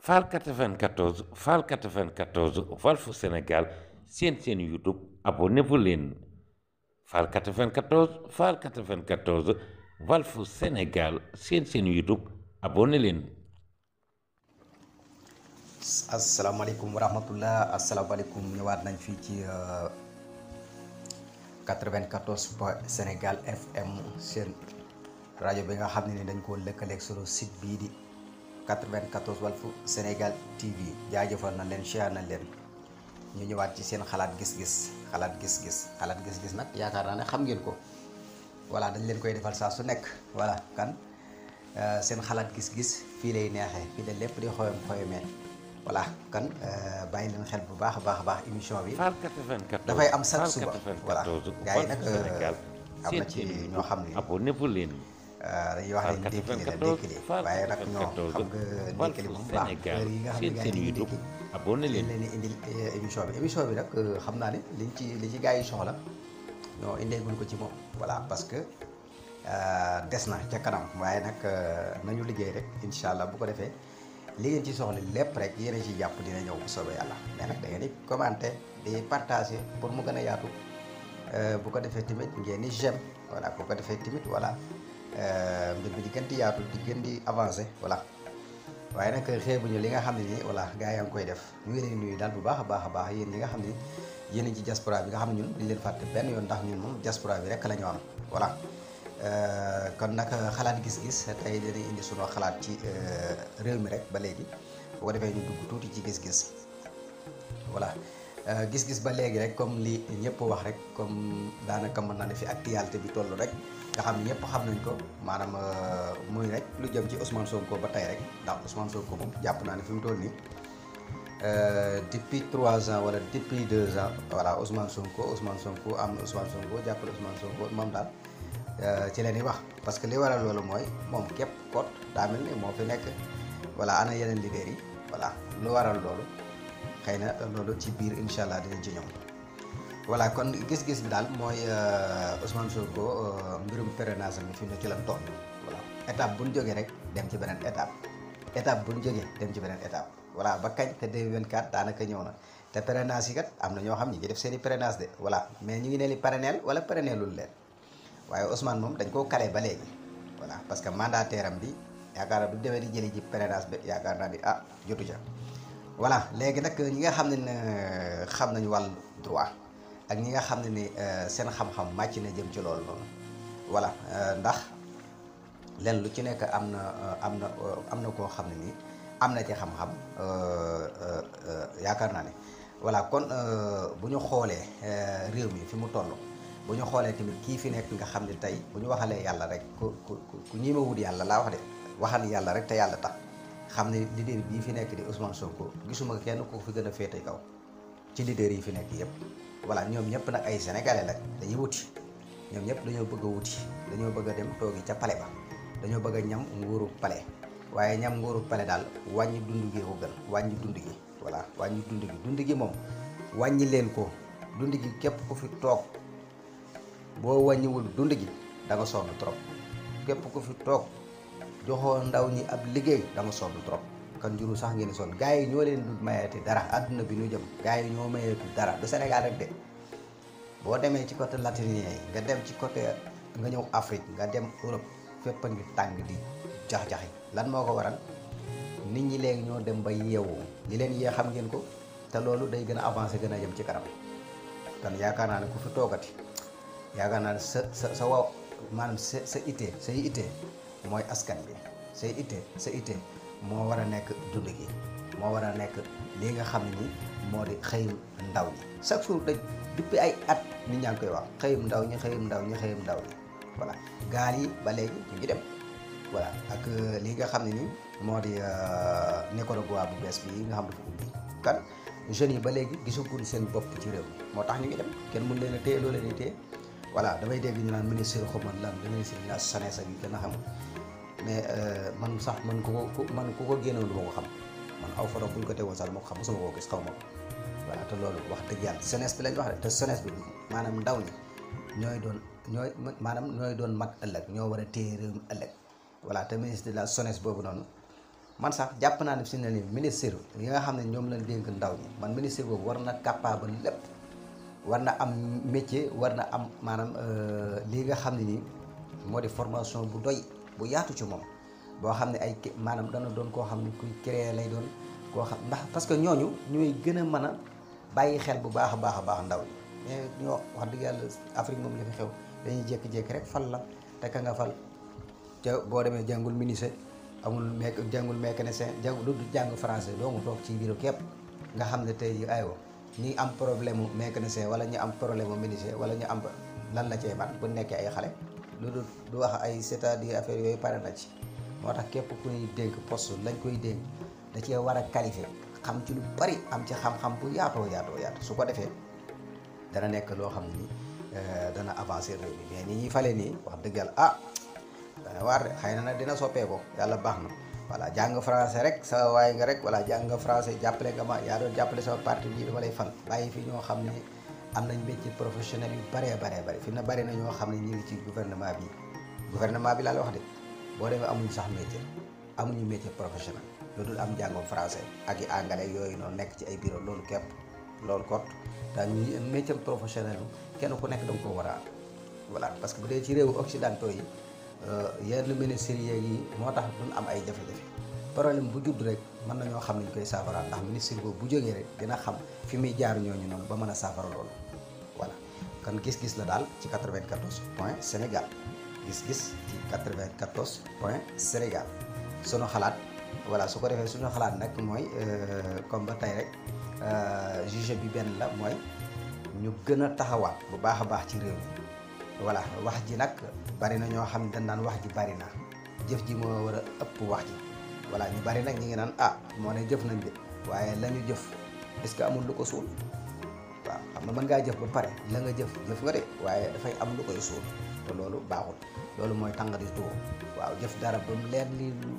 Fall 94 Fall 94 Walfu Sénégal seen seen YouTube abonnez-vous leen Fall 94 Fall 94 Walfu Sénégal leen. asalaamaaleykum wa rahmatulah asalaamaaleykum ñëwaat nañ fii ci 94 euh, point Sénégal FM seen rajo bi nga xam ne dañ koo lëkkaleeg solo site bii di. 94 Walf Sénégal TV jaajëfal na leen share na leen ñu ñëwaat ci seen xalaat gis-gis xalaat gis-gis xalaat gis-gis nag yaakaar naa ne xam ngeen ko voilà dañ leen koy defal saa su nekk voilà kan euh, seen xalaat gis-gis fii lay neexee fii la lépp di xoyom xoyomee voilà kan euh, bàyyi leen xel bu baax a baax a baax émission bi. dafay am chaque suba voilà gars yi nag euh, am na ci ñoo xam ne. Ah, dañuy a ne décliné la décliné waaye nag ñoo xam nga décliné bu baax nga xam ne gars yi dékki abonné leen leen indil eh, émission bi émission bi nag euh, xam naa ne liñ ci li ci gars yi soxla ñoo indee guñ ko ci moom voilà parce que euh, des na ca kanam waaye nag euh, nañu liggéey rek incha allah bu ko defee li ngeen ci soxla lépp rek yéen a ci jàpp dina ñëw bu soobee yàlla mais nag da ngeen di commenter di partager pour mu gën a yaatu bu ko defee tamit ngeen di j'aime voilà bu ko defee tamit voilà Euh, mbir bi di gën di yaatu di avancé voilà waaye nag xeebuñu li nga xam ne nii voilà gars yaa ngi koy def ñu ngi leen nuyu daal bu baax a baax a baax yéen li nga xam ne yéen ci diaspora bi nga xam ne ñun duñ leen fàtte benn yoon ndax ñu moom diaspora bi rek la ñu am voilà euh, kon nag xalaat gis-gis tey dinañ indi sunu xalaat ci euh, réew mi rek ba léegi bu ko defee ñu dugg tuuti ci gis-gis voilà Euh, gis-gis ba léegi rek comme li ñëpp wax rek comme daanaka mën naa ne fi actualité bi toll rek nga xam ñëpp xam nañ ko maanaam euh, muy rek lu jëm ci Ousmane Sonko ba tey rek ndax Ousmane Sonko moom jàpp naa ne fi mu toll nii euh, depuis trois ans wala depuis deux ans voilà Ousmane Sonko am na Ousmane Sonko jàppale Ousmane Sonko moom daal ci leen di wax parce que li waral loolu mooy moom képp kot daa mel ni moo fi nekk voilà ana yeneen liggéey yi voilà lu waral loolu. xëy na loolu ci biir incha allah dina ci ñëw voilà kon gis-gis daal mooy euh, Ousmane Sonko euh, mbirum parrainage mu fi mu ne ci lan toll voilà bu ñu jógee rek dem ci beneen étape étape bu ñu jógee dem ci beneen étape voilà ba kañ te 2024 daanaka ñëw na te parrainage yi kat am na ñoo xam ñi ngi def seen i parrainage de voilà mais ñu ngi leen di parrainel wala parrainelul leen waaye Ousmane moom dañ koo kale ba léegi voilà parce que mandataire am bi yaakaar naa bu demee di jëli ji parrainage bi yaakaar naa ni ah jotu ca voilà léegi nag ñi nga xam ne ne euh, xam nañu wàll droit ak ñi nga xam ne ni euh, seen xam-xam màcc na jëm ci loolu noonu voilà euh, ndax leen lu ci nekk am na am na na koo xam ne nii am na ci xam-xam yaakaar naa ne voilà kon bu ñu xoolee réew mi fi mu toll bu ñu xoolee tamit kii fi nekk nga xam ne tey bu ñu waxalee yàlla rek ku ku ku ñi wut yàlla laa wax de waxal yàlla rek te yàlla tax xam ne leader bii fi nekk di Ousmane Sonko gisuma kenn ku fi gën a féete kaw ci leader yi fi nekk yëpp voilà ñoom ñëpp nag ay sénégalais la dañu wuti ñoom ñëpp dañoo bëgg a wuti dañoo bëgg a dem toogi ca pale ba dañoo bëgg a ñam nguuru pale waaye ñam nguuru pale daal wàññi dund gi ko wàññi dund gi voilà wàññi dund gi dund gi moom wàññi leen ko dund gi képp ku fi toog boo wàññiwul dund gi da nga sonn trop képp ko fi toog joxoo ndaw ñi ab liggéey dama sonn trop kan juru sax ngeen sol gars yi ñoo leen du mayeeti dara àdduna bi ñu jëm gars yi ñoo mayeetu dara du Sénégal rek de boo demee ci côté latinien yi nga dem ci côté nga ñëw Afrique nga dem Europe fépp a ngi tàng di jax-jaxi lan moo ko waral nit ñi léegi ñoo dem ba yeewu ñi leen yee xam ngeen ko te loolu day gën a avancé gën a jëm ci kanam kon yaakaar naa ni ku fi toogati yaakaar naa ne sa sa sa waaw maanaam sa sa ittee mooy askan bi say itte sa itte moo war a nekk dund gi moo war a nekk li nga xam ni moo di xëyum ndaw ñi chaque jour dañ depuis ay at nit ñaa ngi koy wax xëyum ndaw ñi xëyum ndaw ñi xëyum ndaw ñi voilà gaal yi ba léegi ñu ngi dem voilà ak euh, li nga xam ne ni moo di euh, Nicaragua bu bees bi nga xam dafa ubbi kan jeunes yi ba léegi gisaguñ seen bopp ci réew mi moo tax ñu ngi dem kenn mën leen a téye loo leen di voilà damay dégg ñu naan ministre xawma lan le ministre de la jeunesse ak yi gën a xam mais euh, man sax man ku ko man ku ko génnoon du ma ko xam man aw forom bu ñu ko tegoon sax dama ko xam mosuma koo gis xaw ma te loolu wax dëgg yàlla jeunesse bi lañ te jeunesse bi maanaam ndaw ñi ñooy doon ñooy maanaam ñooy doon mag ëllëg ñoo war a téye réew mi ëllëg voilà de la jeunesse boobu noonu man sax jàpp naa ne fi ne nii ministre yi nga xam ne ñoom la dénk ndaw ñi man ministre boobu war na capable lépp war na am métier war na am maanaam euh, lii nga xam ne nii moo di formation bu doy bu yaatu ci moom boo xam ne ay maanaam dana doon koo xam ne kuy créer lay doon koo xam ndax parce que ñooñu ñooy gën a mën a bàyyi xel bu baax a baax a baax ndaw mais ñoo wax dëgg yàlla Afrique moom la fi xew dañuy jékki-jékki rek fal la te ka nga fal te boo demee jàngul ministre amul mec jàngul mécanicien jàngul du jàng francais doo mu toog ci bureau képp nga xam ne tey aywa. ñi am problème mu mécanicien wala ñu am problème mu menuisier wala ñu am lan la cee man bu nekkee ay xale lu dul du wax ay cest à affaire yooyu pare na ci moo tax képp ku ñuy dénk post lañ koy dénk da cee war a xam ci lu bari am ci xam-xam bu yaatoo yaatoo yaatoo su ko defee dana nekk loo xam ni euh, dana avancé réew mais ni ñuy fale nii wax dëgg yàlla ah dana waar de xëy na nag dina soppee ko yàlla baax na voilà jàng français rek sa waay nga rek voilà jàng nga français jàppale nga ma yaa doon jàppale sama parti bii dama lay fal bàyyi fi ñoo xam ne am nañ métier professionnel yu bëree bëree bëri fi na bëri na ñoo xam ne ñu ngi ci gouvernement bi gouvernement bi laal wax de boo demee amuñ sax métier amuñu métier professionnel lu dul am njàngum français ak i anglais yooyu noonu nekk ci ay bureau loolu képp loolu kot daa ñu métier professionnel kenn ku nekk da nga ko war a voilà parce que bu ci réewu occidentaux yi Euh, yenn ministres yeeg yi moo tax duñ am ay jafe-jafe problème bu judd rek mën nañoo xam nañ koy saafara ndax ministre boobu bu jógee rek dina xam fi muy jaar ñooñu noonu ba mën a saafara loolu voilà kon gis-gis la daal ci 94 point Sénégal gis-gis ci 94 point Sénégal sunu xalaat voilà su ko defee suñu xalaat nag mooy euh, comme ba tey rek euh, juge bi benn la mooy ñu gën a taxawaat bu baax a baax ci réew mi voilà wax ji nag bari na ñoo xam ne dañ naan wax ji bari na jëf ji moo war a ëpp wax ji voilà ñu bari nag ñi ngi naan ah moo ne jëf nañ de waaye lañu jëf est que amul lu ko suul waaw xam nga mën ngaa jëf ba pare la nga jëf jëf nga de waaye dafay am lu koy suul te loolu baaxul loolu mooy tàngadi tuwo waaw jëf dara ba mu leer li lu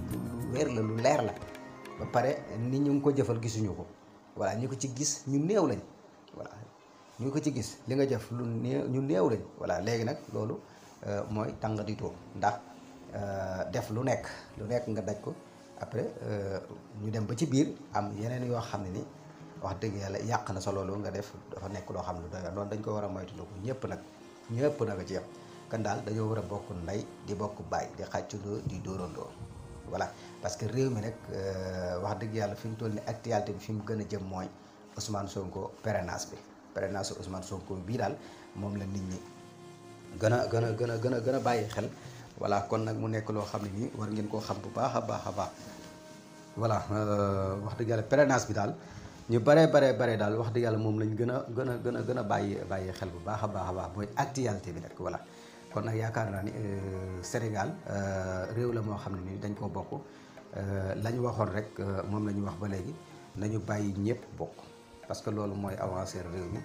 wér lu leer la ba pare nit ñu ngi ko jëfal gisuñu ko voilà ñu ko ci gis ñu néew lañ voilà ñu ko ci gis li nga def lu néew ñu neew lañ voilà léegi nag loolu euh, mooy tàngaditoo ndax euh, def lu nekk lu nekk nga daj ko après euh, ñu dem ba ci biir am yeneen yoo xam ne ni wax dëgg yàlla yàq na sa loolu nga def dafa nekk loo xam ne doy loolu dañ ko war a moytandiku ñëpp nag ñëpp nag a ci yem kan daal dañoo war a bokk ndey di bokk baay di xàccundoo di dóorandoo voilà parce que réew mi nag wax dëgg yàlla fi mu toll ni actualité bi fi mu gën a jëm mooy Ousmane Sonko parrainage bi parrainage Ousmane Sonko bii daal moom la nit ñi gën a gën a gën a gën a gën a bàyyi xel voilà kon nag mu nekk loo xam ne nii war ngeen koo xam bu baax a baax a baax voilà euh, wax dëgg yàlla bi daal ñu baree baree baree daal wax dëgg yàlla moom lañ gën a gën a gën a gën a bàyyi bàyyi xel bu baax a baax a baax mooy actualité bi nag voilà kon nag yaakaar naa ni euh, Sénégal euh, réew la moo xam ne nii dañ koo bokk la ñu waxoon rek moom la ñu wax ba léegi nañu bàyyi ñëpp bokk parce que loolu mooy avancer réew mi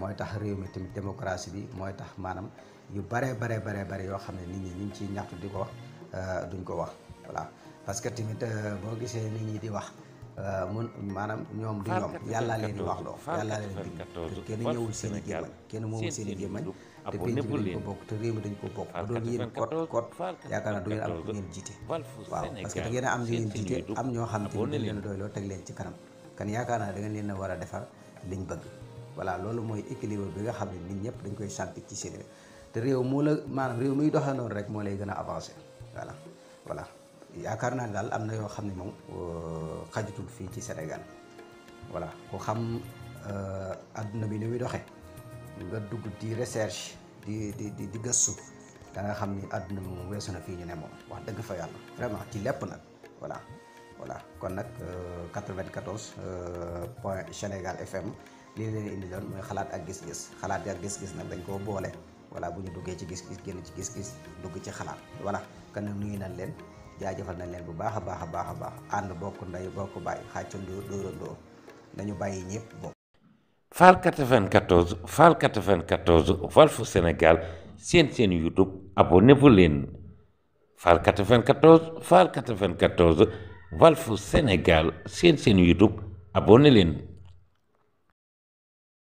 mooy tax réew mi tamit démocratie bi mooy tax maanaam yu bare bare bare bare yoo xam ne nit ñi ñu ngi ciy ñaxtu di ko wax euh, duñ ko wax voilà parce que tamit euh, boo gisee nit ñi di wax euh, mun maanaam ñoom du ñoom yàllaa leen di wax loo yàllaa leen di kenn ñëwul ko bokk te réew mi dañ ko bokk doon yéen kot kot yaakaar naa du ngeen am ngeen jiite waaw parce que da ngeen am ngeen jiite am ñoo xam te ne leen doy loo teg leen ci kanam kan yaakaar naa da ngeen leen a war a defar liñ bëgg voilà loolu mooy équilibre bi nga xam ne nit ñëpp dañ koy sant ci seen te réew moo la maanaam réew muy doxee noonu rek moo lay gën a avancé voilà yaakaar naa daal am na yoo xam ne moom euh, xajutul fii ci Sénégal voilà ku xam euh, adduna bi ni muy doxee nga dugg di recherche di di di gëstu da nga xam ni adduna bi moom weesu na fii ñu ne moom wax dëgg fa yàlla vraiment ci lépp nag. kon nag 94 euh, euh, point Sénégal FM lii leen indi loon mooy xalaat ak gis-gis xalaat ak gis-gis nag dañ koo boole voilà bu ñu duggee ci gis-gis génn ci gis-gis dugg ci xalaat voilà kon nag nuyu nañ leen jaajëfal nañ leen bu baax a baax a baax a baax ànd bokk ndey bokk bàyyi xàccandoo dóorandoo nañu bàyyi ñëpp bokk. Fall 94 Fall 94 Walfu Sénégal seen seen YouTube abonné bu leen Fall 94 Fall 94. Walf Sénégal sin seen YouTube abonné leen